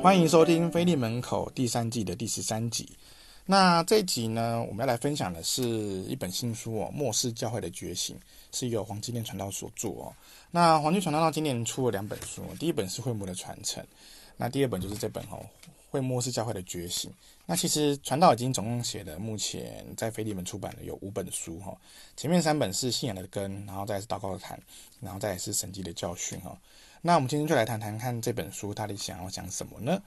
歡迎收聽《腓利門口》第三季的第十三集。那這一集呢，我們要來分享的是一本新書哦，《末世教會的覺醒》，是由黃基甸傳道所著哦。那黃基甸傳道到今年出了兩本書，第一本是《會幕的傳承》，那第二本就是這本哦，《會末世教會的覺醒》。那其實傳道已經總共寫的，目前在腓利門出版的有五本書哈、哦。前面三本是信仰的根，然後再是禱告的壇，然後再是神蹟的教訓哈、哦。那我們今天就來談談看這本書到底想要講什麼呢？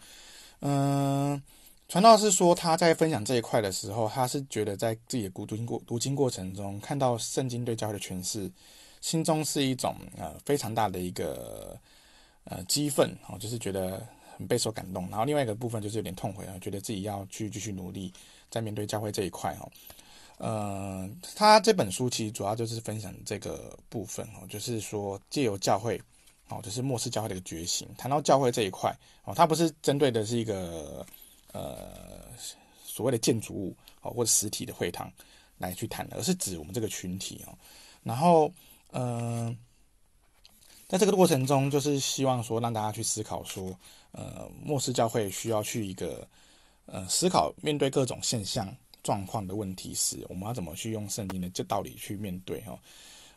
嗯、呃，傳道是說他在分享這一塊的時候，他是覺得在自己的讀經過讀經過程中，看到聖經對教會的詮釋，心中是一種呃非常大的一個呃激憤哦，就是覺得很備受感動。然後另外一個部分就是有點痛悔啊，覺得自己要去繼續努力在面對教會這一塊哦。嗯、呃，他這本書其實主要就是分享這個部分哦，就是說借由教會。哦，就是末世教會的一個覺醒。談到教會這一塊，哦，它不是針對的是一個呃所謂的建築物哦，或者實體的會堂來去談，而是指我們這個群體哦。然後，嗯、呃，在這個過程中，就是希望說讓大家去思考說，呃，末世教會需要去一個呃思考面對各種現象狀況的問題時，我們要怎麼去用聖經的這道理去面對哈、哦。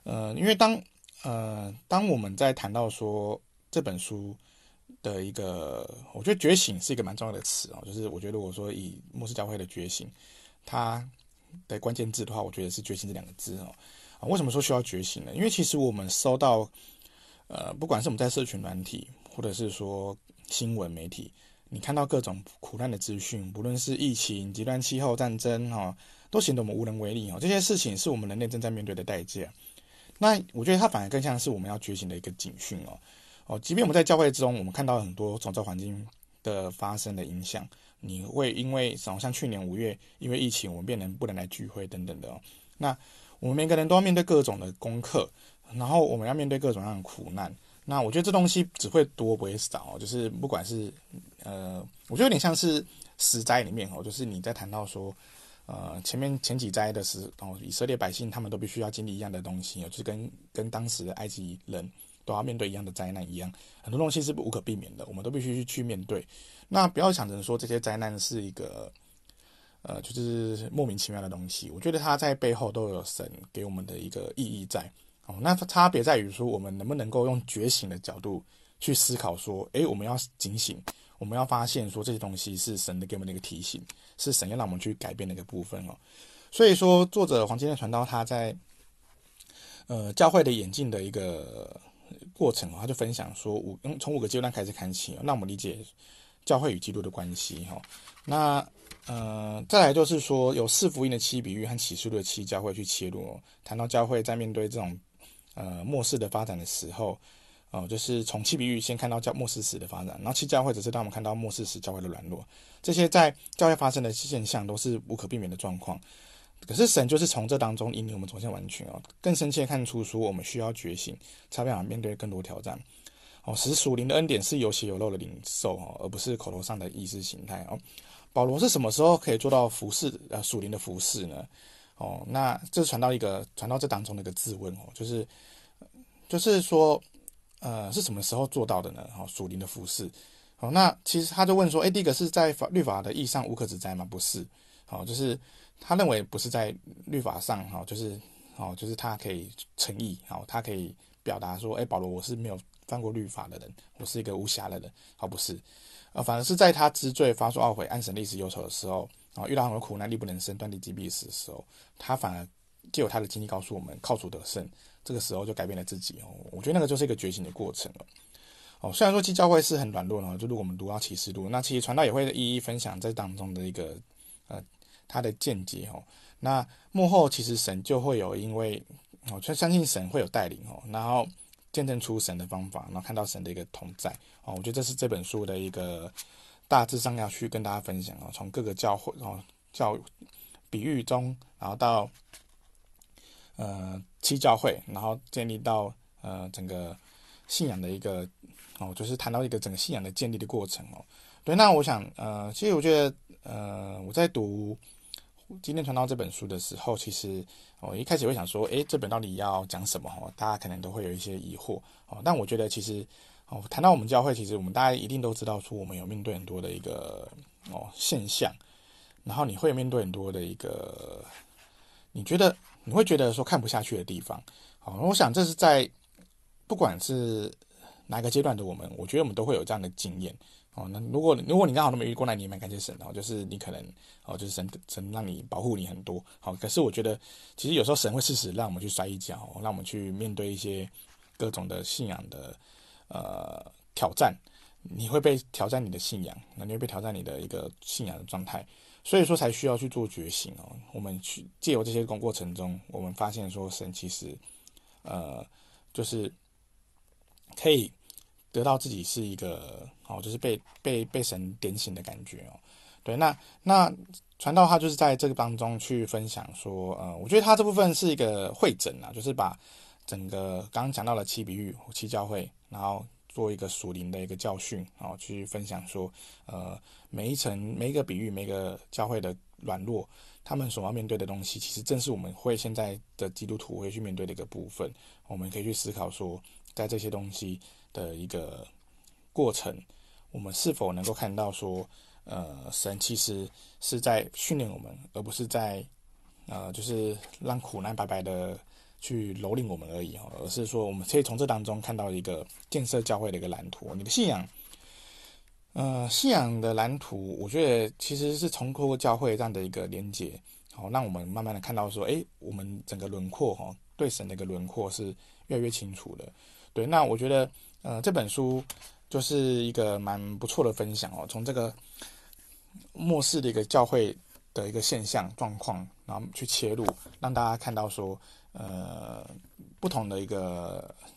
呃，因為當呃，當我們在談到說這本書的一個，我覺得“覺醒”是一個蠻重要的詞哦。就是我覺得我說以末世教會的覺醒，它的關鍵字的話，我覺得是“覺醒”這兩個字哦、啊。為什麼說需要覺醒呢？因為其實我們收到，呃，不管是我們在社群軟體，或者是說新聞媒體，你看到各種苦難的資訊，不論是疫情、極端氣候、戰爭，哈、哦，都顯得我們無能為力哦。這些事情是我們人類正在面對的代價。那我覺得它反而更像是我們要覺醒的一個警訊哦，哦，即便我們在教會之中，我們看到很多創造環境的發生的影響，你會因為什麼，像去年五月，因為疫情，我們變成不能來聚會等等的哦。那我們每個人都要面對各種的功課，然後我們要面對各種各樣的苦難。那我覺得這東西只會多不會少，哦，就是不管是，呃，我覺得有點像是時災裡面哦，就是你在談到說。呃，前面前幾災的時候，哦，以色列百姓他們都必須要經歷一樣的東西，就是跟跟當時的埃及人都要面對一樣的災難一樣，很多東西是無可避免的，我們都必須去，去面對。那不要想着說這些災難是一個，呃，就是莫名其妙的東西，我覺得它在背後都有神給我們的一個意義在。哦、呃，那差別在於說我們能不能夠用覺醒的角度去思考，說，誒、欸，我們要警醒。我們要發現說這些東西是神的給我們的一個提醒，是神要讓我們去改變的一個部分哦。所以說，作者黃基甸傳道他在呃教會的演進的一個過程哦，他就分享說五從、嗯、五個階段開始看起哦，那我們理解教會與基督的關係哈、哦。那呃再來就是說有四福音的七比喻和啟示錄的七教會去切入、哦，談到教會在面對這種呃末世的發展的時候。哦，就是從七比喻先看到叫末世時的發展，然後七教會只是讓我們看到末世時教會的軟弱，這些在教會發生的現象都是無可避免的狀況。可是神就是從這當中引領我們走向完全哦，更深切看出說，我們需要覺醒，才有辦法面對更多挑戰。哦，使屬靈的恩典是有血有肉的領受哦，而不是口頭上的意識形態哦。保羅是什麼時候可以做到服侍呃屬靈的服侍呢？哦，那這是傳道一個傳道這當中的一個質問哦，就是就是說。呃，是什麼時候做到的呢？哦，屬靈的服侍。哦，那其實他就問說，哎、欸，這個是在法律法的意義上無可指摘嗎？不是。哦，就是他認為不是在律法上，哈、哦，就是哦，就是他可以誠意，哦，他可以表達說，哎、欸，保羅，我是沒有犯過律法的人，我是一個無瑕的人。哦，不是，呃，反而是在他知罪、發出懊悔、按神歷史憂愁的時候，哦，遇到很多苦難、力不能勝，斷定是必死的時候，他反而藉由他的經歷告訴我們，靠主得勝。這個時候就改變了自己哦，我覺得那個就是一個覺醒的過程了。哦，雖然說七教會是很軟弱的，就如果我們讀到啟示錄，那其實傳道也會一一分享在當中的一個呃他的見解哦。那幕後其實神就會有，因為哦，我相信神會有帶領哦。然後見證出神的方法，然後看到神的一個同在哦。我覺得這是這本書的一個大致上要去跟大家分享哦，從各個教會哦教比喻中，然後到。呃，七教會，然後建立到呃整個信仰的一個哦，就是談到一個整個信仰的建立的過程哦。對，那我想呃，其實我覺得呃，我在讀基甸傳道這本書的時候，其實我、哦、一開始會想說，誒，這本到底要講什麼？哦，大家可能都會有一些疑惑哦。但我覺得其實哦，談到我們教會，其實我們大家一定都知道，說我們有面對很多的一個哦現象，然後你會面對很多的一個。你覺得你會覺得說看不下去的地方，好，我想這是在不管是哪個階段的我們，我覺得我們都會有這樣的經驗，哦，那如果如果你剛好那麼遇過來，你也蠻感謝神的，就是你可能哦，就是神神讓你保護你很多，好，可是我覺得其實有時候神會適時讓我們去摔一跤，讓我們去面對一些各種的信仰的呃挑戰，你會被挑戰你的信仰，那你會被挑戰你的一個信仰的狀態。所以說才需要去做覺醒哦。我們去借由這些工過程中，我們發現說神其實，呃，就是可以得到自己是一個哦，就是被被被神點醒的感覺哦。對，那那傳道他就是在這個當中去分享說，呃，我覺得他這部分是一個彙整啊，就是把整個剛剛講到的七比喻七教會，然後。做一個屬靈的一個教訓啊、哦，去分享說，呃，每一層、每一個比喻、每個教會的軟弱，他們所要面對的東西，其實正是我們會現在的基督徒會去面對的一個部分。我們可以去思考說，在這些東西的一個過程，我們是否能夠看到說，呃，神其實是在訓練我們，而不是在，呃，就是讓苦難白白的。去蹂躪我們而已哦，而是說我們可以從這當中看到一個建設教會的一個藍圖。你的信仰，呃，信仰的藍圖，我覺得其實是透過教會這樣的一個連接，好，讓我們慢慢的看到說，哎、欸，我們整個輪廓哈，對神的一個輪廓是越來越清楚的。對，那我覺得，呃，這本書就是一個蠻不錯的分享哦，從這個末世的一個教會，的一個現象、狀況，然後去切入，讓大家看到說，呃，不同的一個，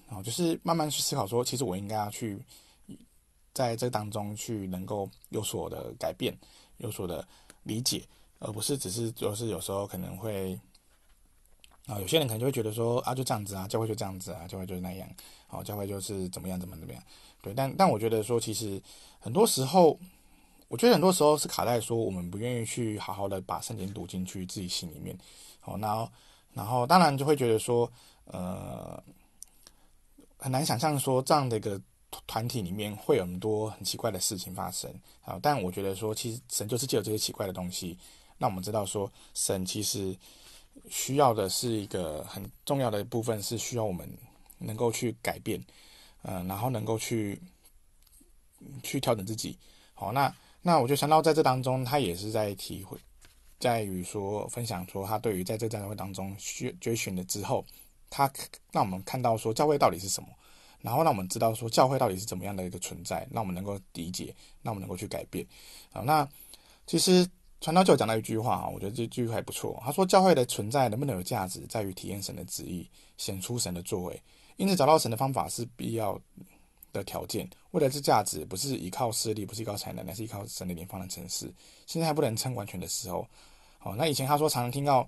然後就是慢慢去思考說，其實我應該要去，在這當中去能夠有所的改變，有所的理解，而不是只是就是有時候可能會，啊，有些人可能就會覺得說，啊，就這樣子啊，教會就這樣子啊，教會就是那樣，哦，教會就是怎麼樣，怎麼怎麼樣，對，但但我覺得說，其實很多時候。我覺得很多時候是卡在說，我們不願意去好好的把聖經讀進去自己心裡面好，然後然後當然就會覺得說，呃，很難想象說這樣的一個團體裡面會有很多很奇怪的事情發生啊。但我覺得說，其實神就是藉由這些奇怪的東西，讓我們知道說，神其實需要的是一個很重要的部分是需要我們能夠去改變，嗯、呃，然後能夠去去調整自己，好，那。那我就想到，在這當中，他也是在體會，在於說分享說他對於在這教會當中追尋了之後，他讓我們看到說教會到底是什麼，然後讓我們知道說教會到底是怎麼樣的一個存在，讓我們能夠理解，讓我們能夠去改變。啊，那其實傳道就有講到一句話啊，我覺得這句還不錯。他說：“教會的存在能不能有價值，在於體驗神的旨意，顯出神的作為。因此找到神的方法是必要。”的條件，為了這價值，不是依靠勢力，不是依靠才能，而是依靠神的靈方能成事。現在還不能稱完全的時候，哦，那以前他說常常聽到，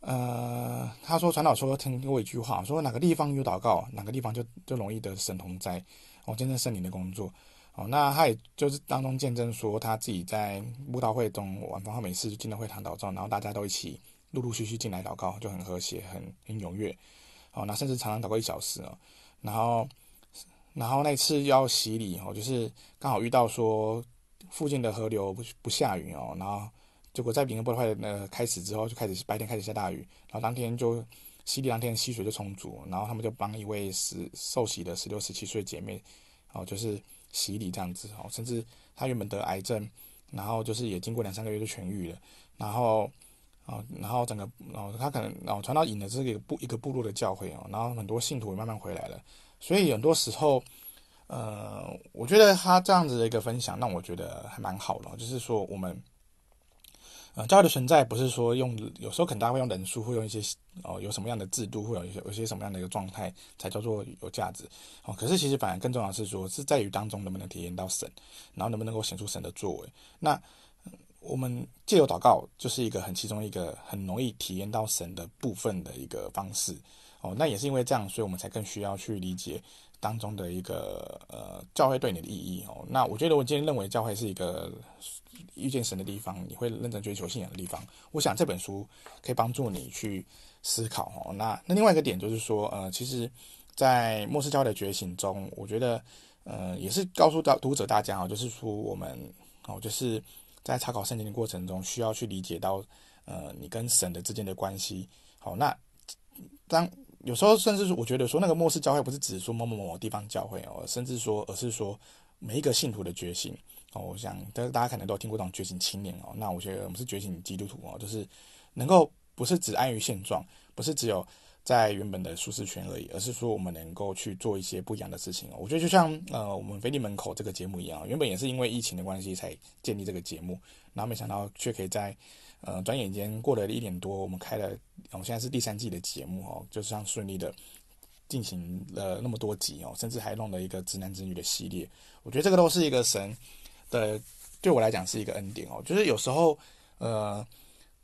呃，他說傳道說聽過一句話，說哪個地方有禱告，哪個地方就就容易得神同在。哦，見證聖靈的工作，哦，那他也就是當中見證說他自己在慕道會中晚飯後每次進到會堂禱告，然後大家都一起陸陸續續進來禱告，就很和諧，很很踴躍，哦，那甚至常常禱告一小時啊、哦，然後。然後那一次要洗禮哦，就是剛好遇到說附近的河流不不下雨哦，然後結果，在領受教會那開始之後，就開始白天開始下大雨，然後當天就洗禮當天的溪水就充足，然後他們就幫一位十受洗的十六十七歲姐妹哦，就是洗禮這樣子哦，甚至她原本得癌症，然後就是也經過兩三個月就痊癒了，然後哦，然後整個哦他可能哦傳到引的這個部一個部落的教會哦，然後很多信徒也慢慢回來了。所以很多時候，呃，我覺得他這樣子的一個分享，讓我覺得還蠻好的。就是說，我們呃，教會的存在不是說用，有時候可能大家會用人數，會用一些哦，有什麼樣的制度，會有一些有些什麼樣的一個狀態，才叫做有價值哦。可是其實，反而更重要的是說，是在於當中能不能體驗到神，然後能不能夠顯出神的作為。那我們借由禱告，就是一個很其中一個很容易體驗到神的部分的一個方式。哦，那也是因為這樣，所以我們才更需要去理解當中的一個呃教會對你的意義哦。那我覺得我今天認為教會是一個遇見神的地方，你會認真追求信仰的地方。我想這本書可以幫助你去思考哦。那那另外一個點就是說，呃，其實，在末世教會的覺醒中，我覺得，呃，也是告訴到讀者大家哦，就是說我們哦，就是在查考聖經的過程中，需要去理解到呃你跟神的之間的關係。好，哦，那當。有時候甚至我覺得說那個末世教會不是指說某某某地方教會哦，甚至說，而是說每一個信徒的覺醒哦。我想，但是大家可能都聽過這種覺醒青年哦。那我覺得我們是覺醒基督徒哦，就是能夠不是只安於現狀，不是只有在原本的舒適圈而已，而是說我們能夠去做一些不一樣的事情，我覺得就像呃，我們腓利門口這個節目一樣，原本也是因為疫情的關係才建立這個節目，然後沒想到卻可以在。呃，轉眼間過了一年多，我們開了，我們現在是第三季的節目哦，就是這樣順利的進行了那麼多集哦，甚至還弄了一個直男直女的系列，我覺得這個都是一個神的，對我來講是一個恩典哦。就是有時候，呃，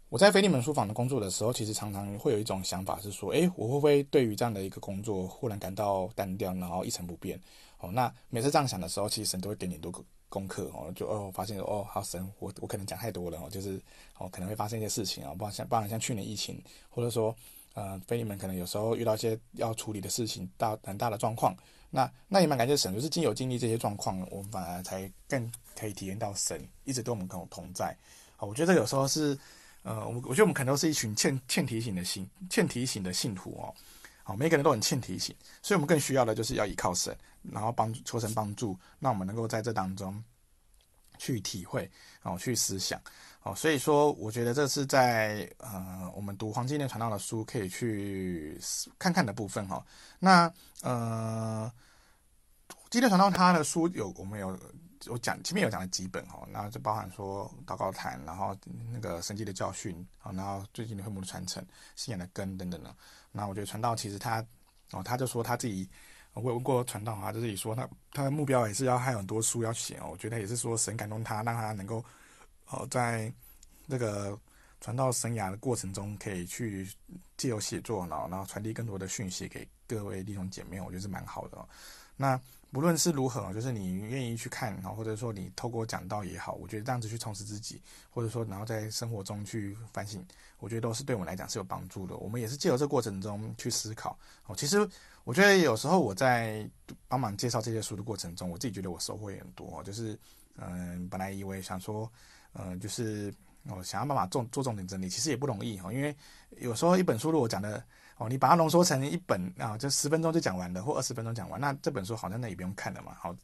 我在腓利門書房的工作的時候，其實常常會有一種想法是說，誒、欸，我會不會對於這樣的一個工作忽然感到單調，然後一成不變？哦，那每次這樣想的時候，其實神都會給你多個。功課哦，就哦，發現哦，好神，我我可能講太多了哦，就是哦，可能會發生一些事情哦，不然像不然像去年疫情，或者說呃，腓利門可能有時候遇到一些要處理的事情，大很大的狀況，那那也蠻感謝神，就是經由經歷這些狀況，我們反而才更可以體驗到神一直對我們同同在。好，我覺得這有時候是呃，我我覺得我們可能都是一群欠欠提醒的信欠提醒的信徒哦。好，每個人都很欠提醒，所以我們更需要的就是要依靠神，然後幫助，求神幫助，讓我們能夠在這當中去體會，哦，去思想，哦，所以說，我覺得這是在呃，我們讀《黃基甸傳道》的書可以去看看的部分，哈、哦，那呃。基甸傳道，他的書有我們有，我講前面有講了幾本哦，那就包含說禱告壇，然後那個神蹟的教訓，啊，然後最近的會幕的傳承、信仰的根等等的。那我覺得傳道其實他，哦，他就說他自己，我問過傳道啊，他就自己說他他的目標也是要還有很多書要寫哦。我覺得也是說神感動他，讓他能夠，哦，在這個傳道生涯的過程中，可以去借由寫作，然後然後傳遞更多的訊息給各位弟兄姐妹，我覺得是蠻好的。那無論是如何，就是你願意去看啊，或者說你透過講道也好，我覺得這樣子去充實自己，或者說然後在生活中去反省，我覺得都是對我們來講是有幫助的。我們也是借由這過程中去思考。哦，其實我覺得有時候我在幫忙介紹這些書的過程中，我自己覺得我收穫也很多。就是嗯、呃，本來以為想說，嗯、呃，就是哦，想要辦法重做重點整理，其實也不容易哈，因為有時候一本書如果我講的。哦，你把它濃縮成一本啊，就十分鐘就講完了，或二十分鐘講完，那這本書好像那也不用看了嘛。好，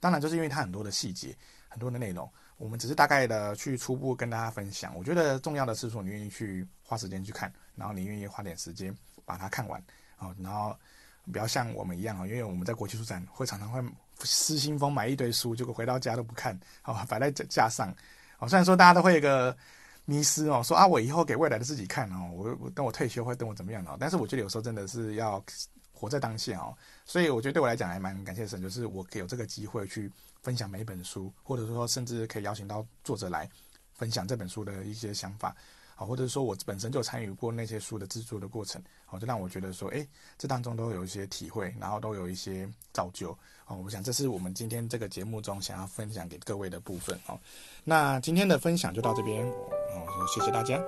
當然就是因為它很多的細節，很多的內容，我們只是大概的去初步跟大家分享。我覺得重要的是說，你願意去花時間去看，然後你願意花點時間把它看完。好、哦，然後不要像我們一樣啊，因為我們在國際書展會常常會失心瘋買一堆書，結果回到家都不看，好、哦，擺在架上。好、哦，雖然說大家都會有個迷失哦，說啊，我以後給未來的自己看哦，我等我，我退休會等我怎麼樣哦？但是我覺得有時候真的是要活在當下哦，所以我覺得對我來講還蠻感謝神，就是我可以有這個機會去分享每一本書，或者說甚至可以邀請到作者來分享這本書的一些想法。好，或者說我本身就參與過那些書的製作的過程，好，就讓我覺得說，哎、欸，這當中都有一些體會，然後都有一些造就，好，我想這是我們今天這個節目中想要分享給各位的部分，好，那今天的分享就到這邊，好，謝謝大家。